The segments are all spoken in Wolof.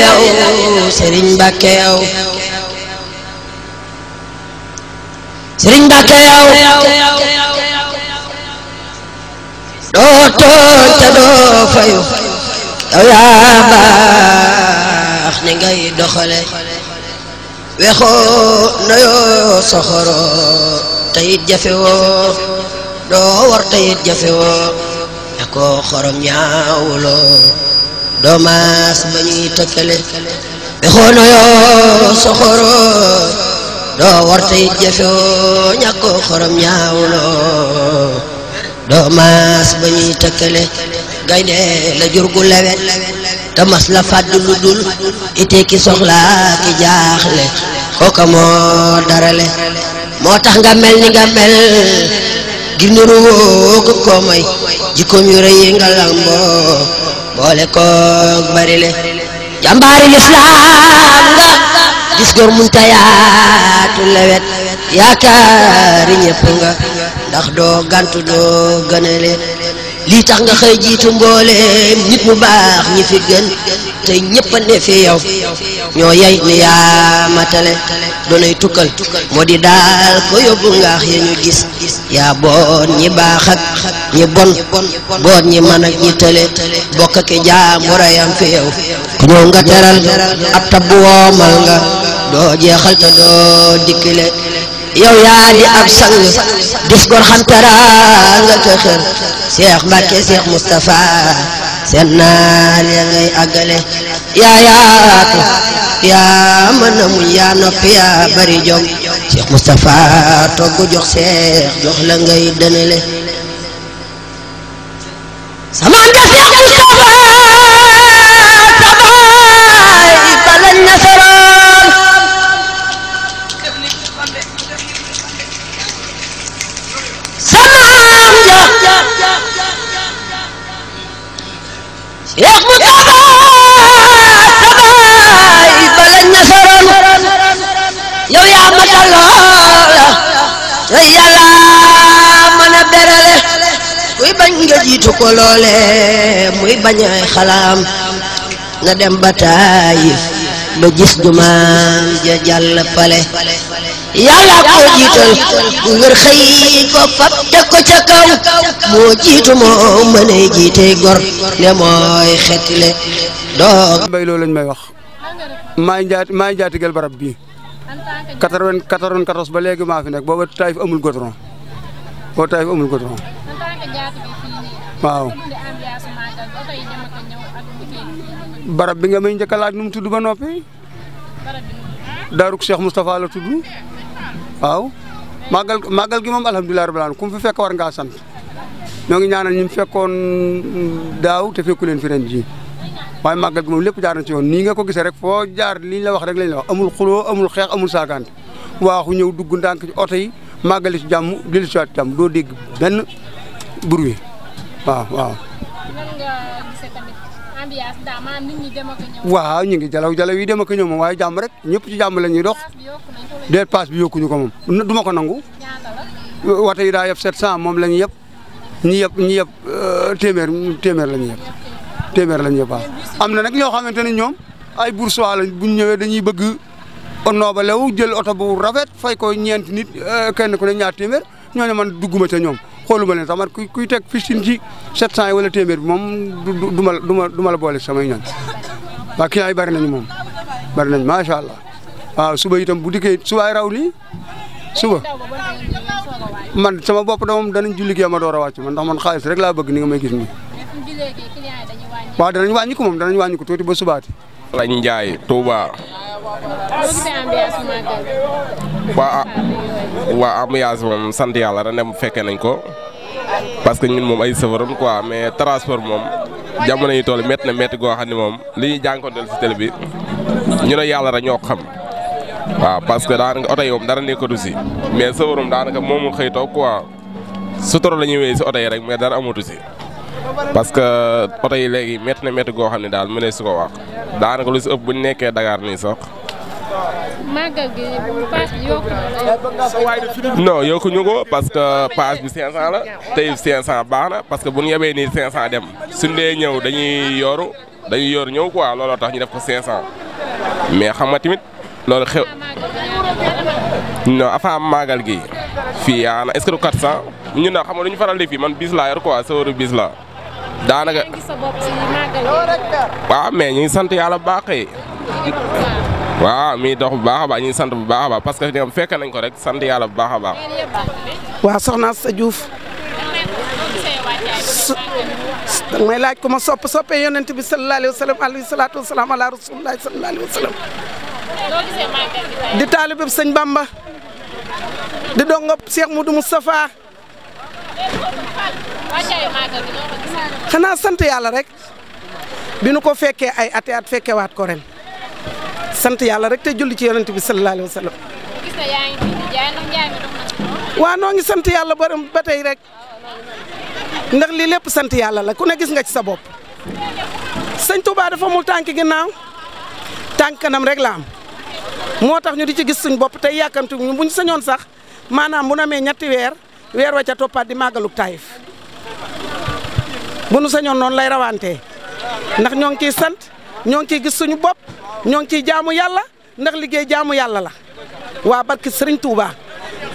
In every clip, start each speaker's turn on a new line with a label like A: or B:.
A: yow sëriñ Mbàkke yow sëriñ Mbàkke yow doo toon te doo fayu yow yaa baax ni ngay doxale wexoo noyoo soxoroo tayit jafewoo doo war tayit jafewoo yaa ko doomaas ba ñuy tëkkale be xoono yoo soxoroo doo warte yit jafoo ñàkko xorom ñaawloo doomaas ba ñuy tëkkale gaynde la jur gu lewet te la fàdd lu dul ite ki soxlaa ki jaaxle kooka moo darale moo tax nga mel ni nga mel gi nuru woo ko may jikkoom yu rëy yi nga lamboo boole koog bari le jàmbaari lislaam nga gis góor munta yaatu lewet yaakaari ñëpp nga ndax doo gantu doo gënale lii tax nga xëy jiitu mbooleem nit mu baax ñi fi gën tey ñëpp a ne fi yow ñoo yay ni yaa doonay tukkal moo di daal ko yóbbu ngaax ya ñu gis yaa boon ñi baax ñi bon boon ñi man ñi tële bokk ak jaambur fi yow ku ñëw nga teral ab tabbu woomal nga doo jeexal te doo dikkile yow yaa di ab sang dis gor xam teraanga te xër Cheikh Mbacke Cheikh Moustapha seen naar ya ngay àggale yaa yaatu yaa mën a yaa noppi yaa bari jom Cheikh Moustapha togg jox Cheikh jox la ngay dënale sama jitu ko lolé muy bañ ay xalaam na dem bataay ya ya ba gis jumaam ja jall pale yalla ko jiital ngir xey ko fat te ko ca kaw mo jitu mo mané jité gor né moy xetile
B: do bay lo lañ may wax maay njaat maay njaatigal barab bi 94 ba légui ma fi nek booba taif amul godron bo taif amul godron waaw barab bi nga may njëkk a laaj nu mu tudd ba noppi daaruk Cheikh Moustapha la tudd waaw màggal màggal gi moom alhamdulilah rabbil alamin ku mu fi fekk war ngaa sant ñoo ngi ñaanal ñu fekkoon mm, daaw te fekku leen fi ren ji waaye màggal gi moom lépp jaar na ci yoon nii nga ko gisee rek foo jaar la wax rek lañ la wax amul xuloo amul xeex amul saagante waaxu ñëw dugg ndànk ci oto yi màggali ci jàmm dellu si jàmm doo dégg benn bruit waaw waaw.
C: nan a
B: ñu ngi jalaw jalaw yi dem ak ñëw moom waaye jàmm rek ñëpp ci jàmm la ñuy dox. déet paas bi yokkuñu ko moom duma ko nangu. wate yi daa yëpp 700 moom la ñuy yëpp ñi yëpp ñi yëpp euh, téeméer téeméer la ñuy yëpp téeméer la ñuy am na nag ñoo xamante ne ñoom ay bourgeois lañ bu ñu ñëwee dañuy bëgg noobalewu jël oto bu rafet fay ko ñeent nit euh, kenn ku ne ñaar téeméer ñooñu man dugguma ca ñoom xooluma leen sax man kuy kuy teg piscine ci 700 yi wala téeméer bi moom du du ma du ma la boole samay ñoñ waaw client yi bari nañu moom bari nañ macha allah waaw suba itam bu dikkee subaay raw lii suba man sama bopp da moom danañ julli kii ma door a wàcc man ndax man xaalis rek laa bëgg ni nga may gis nii. danañ wàññi moom danañ wàññi tuuti ba subaati.
D: lañ jaay Touba. waa waa am ambiance moom sant yàlla ren dem fekkee nañ ko parce que ñun moom ay sëfaram quoi mais transport moom jamono yi toll métti na métti goo xam ne moom li ñuy jànkonteel si télé bi ñu ne yàlla rek ñoo xam. waaw parce que daanaka oto yi moom dara nekkatu si mais sëfaram daanaka moomul xëy toog quoi su toro la ñuy wéy si oto yi rek mais dara amatu si. parce que oto yi léegi métti na métti goo xam ne daal mënee su ko wax daanaka lu si ëpp bu ñu nekkee Dakar nii sax.
C: màggal gi paas ko
D: parce que paas bi 500 la tey 500 baax na parce que bu ñu yebee nii 500 dem suñ dee ñëw dañuy yoru dañuy yor ñëw ko quoi looloo tax ñu def ko 500 mais xam nga tamit loolu xew. non afa am màggal gi fii yaana est-ce que du 400 ñun na xam nga ñu faral di fii man biis laa yor quoi sóoru bis la daanaka. waaw mais ñu ngi sant yàlla waaw mi dox bu baax a baax ñu sant bu baax a baax parce que fekk nañ ko rek sant yàlla bu baax a baax.
C: waaw soxna sa Diouf. may laaj ko ma sopp soppe yonent bi sallallahu alayhi wa sallam alayhi salaatu wa salaam ala rasulillahi sallallahu alayhi wa sallam di taalibe sëñ Bamba di dongob Cheikh Moudou Moustapha xanaa sant yàlla rek bi nu ko fekkee ay ati at fekkewaat ko ren sant yàlla rek te julli ci yonent bi sallallahu alayhi wa sallam. gis noo ngi sant yàlla ba ba tey rek ndax li lépp sant yàlla la ku ne gis nga ci sa bopp. sëñ Touba dafa amul tànk ginnaaw tànk kanam rek la am moo tax ñu di ci gis suñ bopp tey yàkkamtu ñu buñ sañoon sax maanaam bu ñu amee ñetti weer weer wa ca toppaat di màggalug Taïf bu nu sañoon noonu lay rawantee ndax ñoo ngi ciy sant. ñoo ngi ciy gis suñu bopp ñoo ngi ciy jaamu yàlla ndax liggéey jaamu yàlla la waa barki sëriñ Touba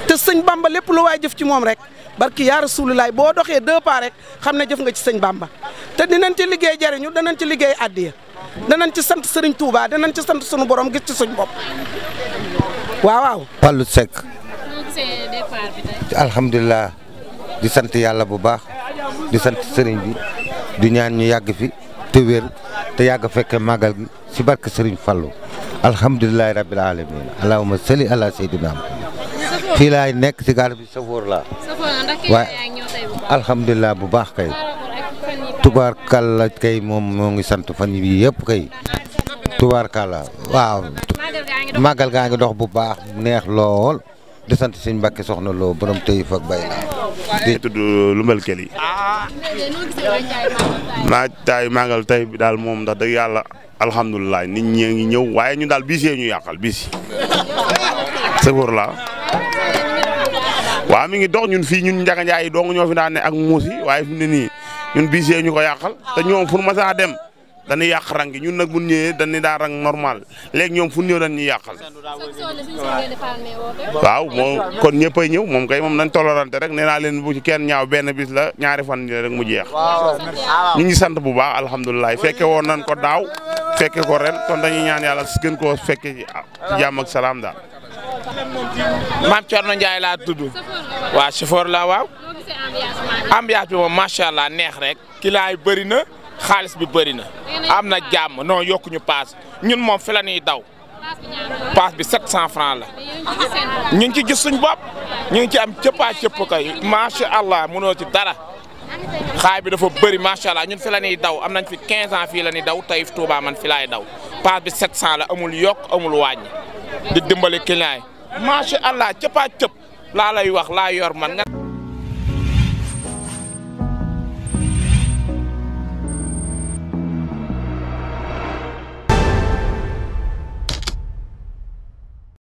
C: te sëñ Bamba lépp la waay jëf ci moom rek barki yaa rasulilaay boo doxee deux pas rek xam ne jëf nga ci sëñ Bamba te dinañ ci liggéey jariñu danañ ci liggéey addiya danañ ci sant sëriñ Touba danañ ci sant suñu borom gis ci suñu bopp
B: waa waaw. Fallou Seck. alhamdulilah di sant yàlla bu baax di sant sëriñ bi di ñaan ñu yàgg fi te wér. te yàgg fekke màggal gi ci barke Serigne Fallou alhamdulilahi rabbil alamin allahumma salli ala sayyidina fii laay nekk ci gaal bi safoor la waaye alhamdulilah bu baax kay tubaarkàlla kay moom moo ngi sant fa yi yépp kay tubaarkàlla waaw màggal gaa ngi dox bu baax neex lool di sant suñ mbàkke soxna loo borom tey fa bay laa di tudd Lumbal Keli naaj taay màggal tay bi daal moom da
D: dëgg yàlla alhamdulilah nit ñi ngi ñëw waaye ñu daal bis yee ñu yàqal bis sëfoor la waaw mi ngi dox ñun fii ñun njaga njaay yi dong ñoo fi daan ak muus yi waaye fi nii ñun bis yee ñu ko yàqal te ñoom pour ma dem. dañuy yàq rang ñun nak bu ñu ñëwee dañuy daa rang normal léegi ñom fu ñëw dañ dañuy yàqal. waaw moom kon ñëppay ñëw mom kay mom nañ tolorante rek néna leen bu ci kenn ñaaw benn bis la ñaari fan rek mu jeex. ñi ngi sant bu baax alhamdullilah fekke won nañ ko daw fekke ko ren kon dañuy ñaan yàlla gën ko fekke ci ah, ak salam daal. maam Thierno Ndiaye laa tudd. wa chauffeur la waaw. ambiance bi moom macha allah neex rek. kilaay bëri na. xaalis bi bëri na am na jàmm noo yokkuñu paas ñun moom fi daw paas bi 700 francs la ñu ngi ci gis suñ bopp ñu ngi ci am cëppaa cëpp kay macha allah mënoo ci dara xaay bi dafa bëri macha allah ñun fi la daw am nañ fi 15 ans fii la ñuy daw Taïf Touba man fi laay daw paas bi 700 la amul yokk amul waañ di dimbali client yi macha allah cëppaa cëpp laa lay wax laa yor man.